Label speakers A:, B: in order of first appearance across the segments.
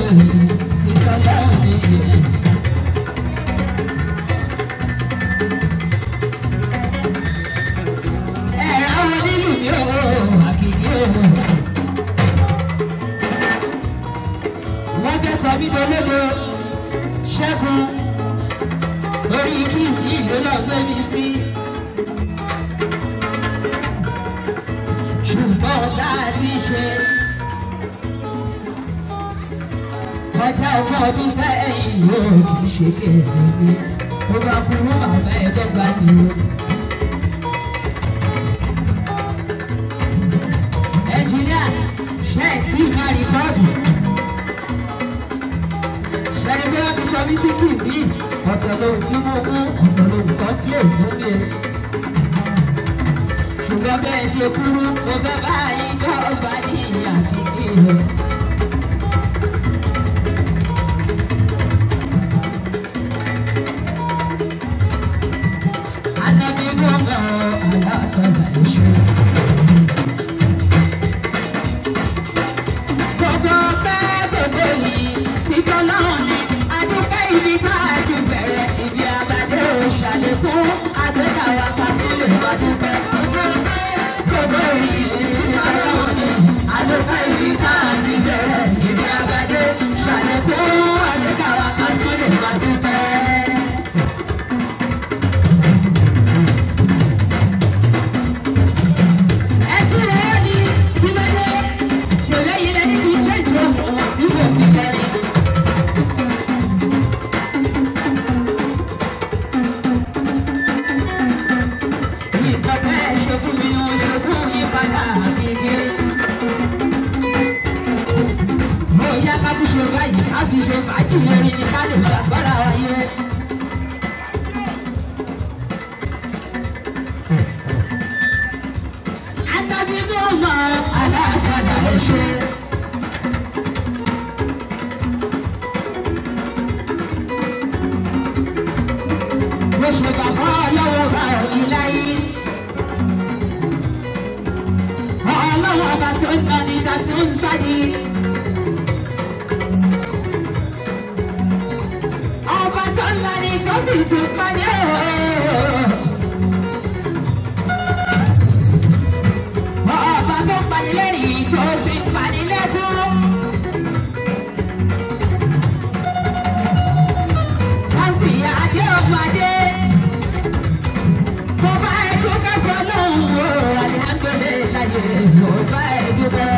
A: Thank you. ẹbí sẹ́yìn yóò kì í ṣe kéèké tó bá kúrú bàbá ẹ dọ́gba ni o. ẹnjìníà ṣe é tí ká rìkọ́ọ̀dù ṣẹ́ni bí ti sọ mí sí kì í ní ọ̀tọ̀ lóhùn tí mo mú ọ̀tọ̀ lóhùn tó ń lè fún mi. ṣùgbọ́n bẹ́ẹ̀ ṣe fúrú mo fẹ́ báyìí dọ́gba ní ìyá
B: kékeré.
A: pàdé mo bá ẹ dúpẹ́ fọlọ́run o àlẹ́ àgbẹ̀lẹ̀ láyé mo bá ẹ dúpẹ́.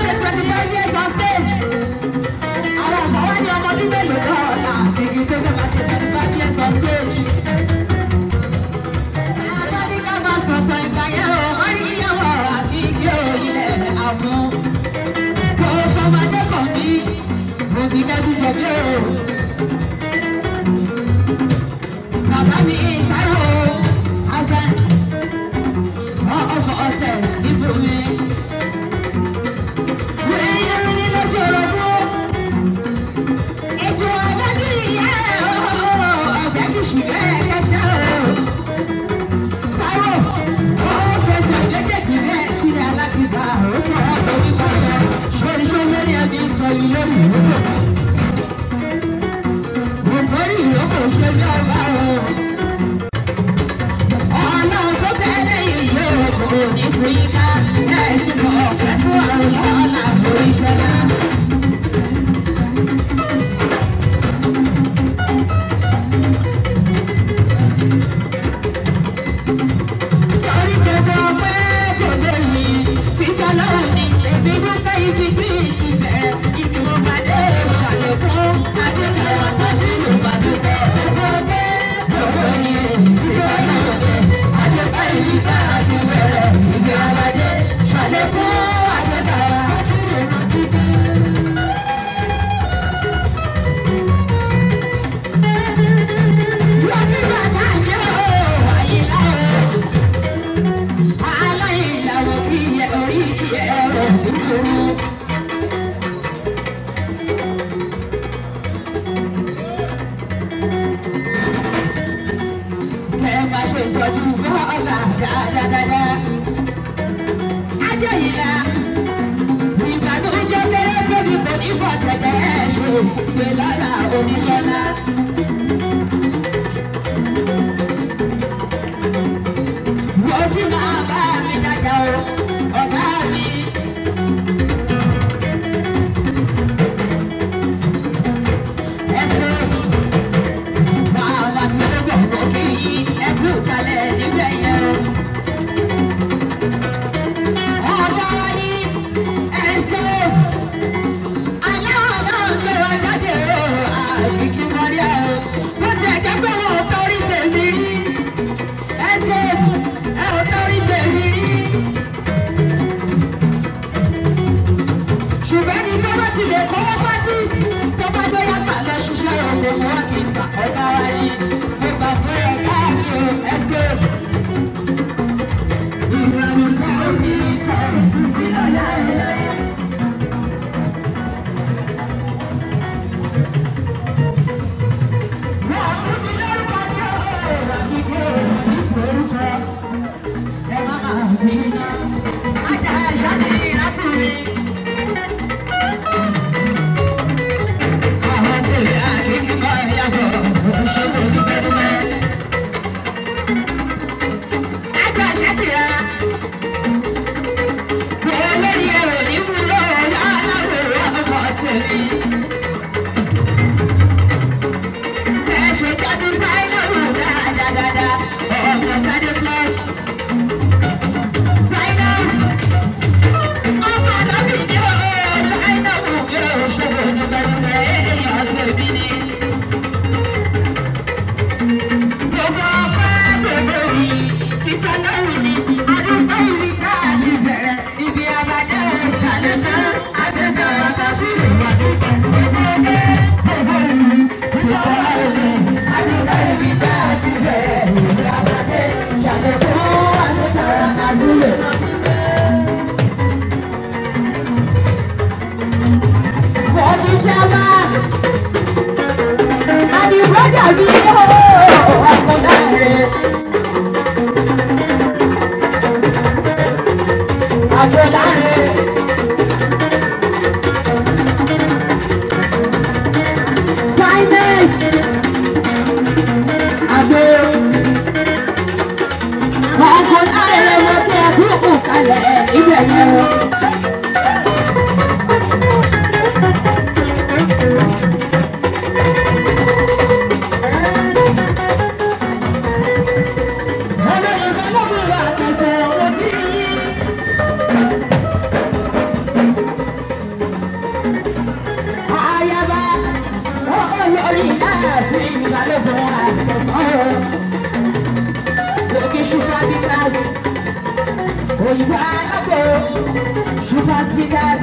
A: ṣe twenty on stage àwọn ọ̀gá wa ní ọmọ ọdún mélòó náà ọ̀la èyí tó fẹ́ on stage. sábàbíkà máa sọ̀tọ̀ Thank you. Olúwa lọ́gbọ̀ ṣùpà speakers.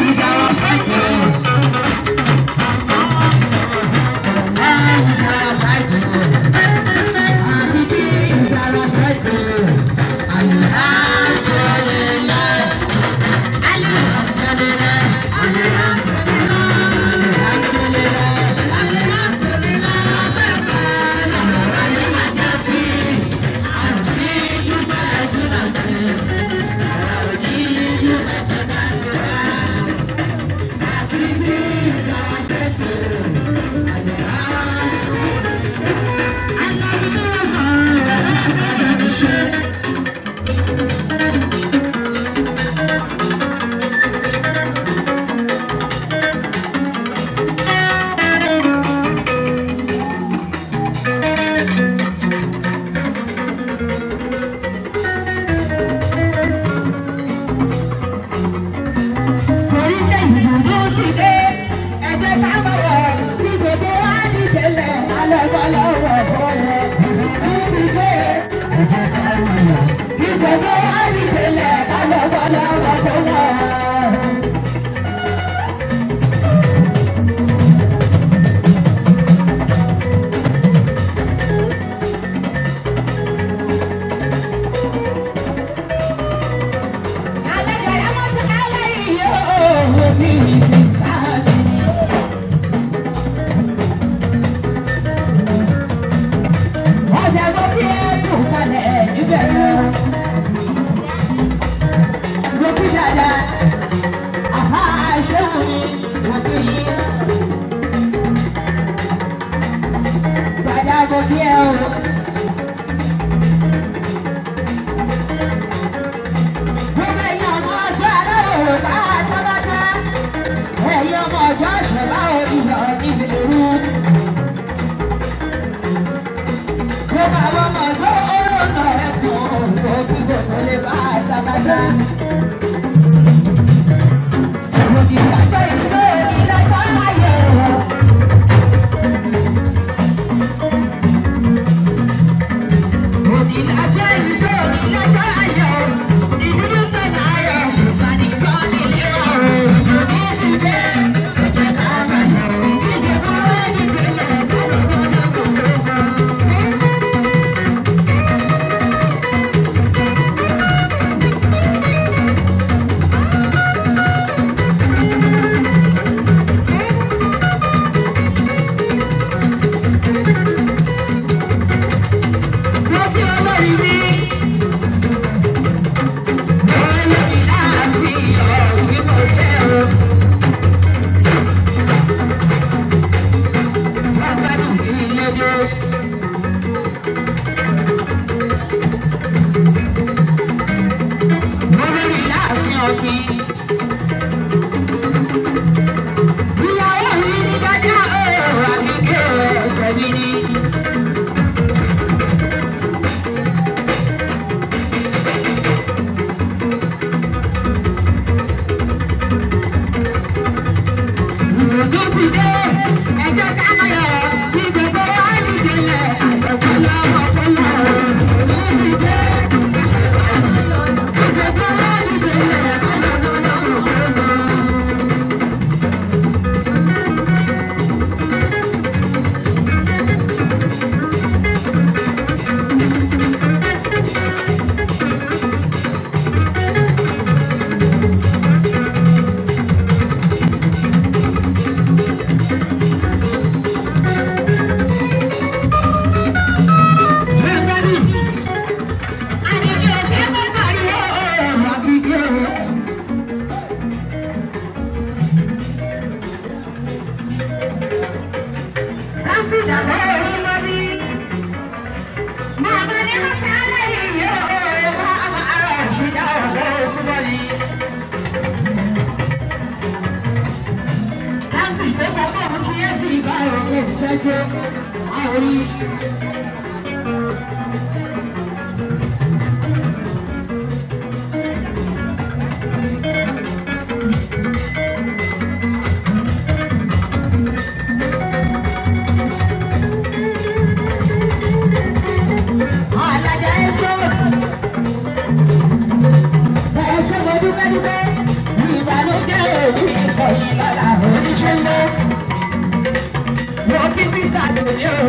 A: Thank you. Yeah. Love.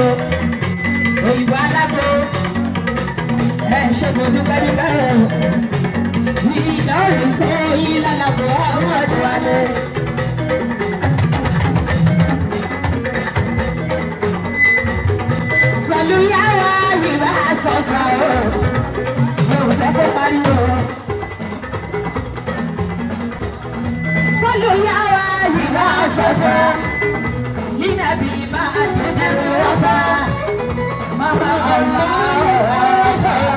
A: o òyìnbó alágbó ẹ ṣe mo dúpẹ́ dúpẹ́ o ní ìlọrin tó yí lálàbọ̀ àwọn ọ̀dọ́ wálé. sọlú yàrá ìwà sọfà o I Allah, Allah, Allah, Allah,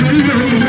A: Thank you.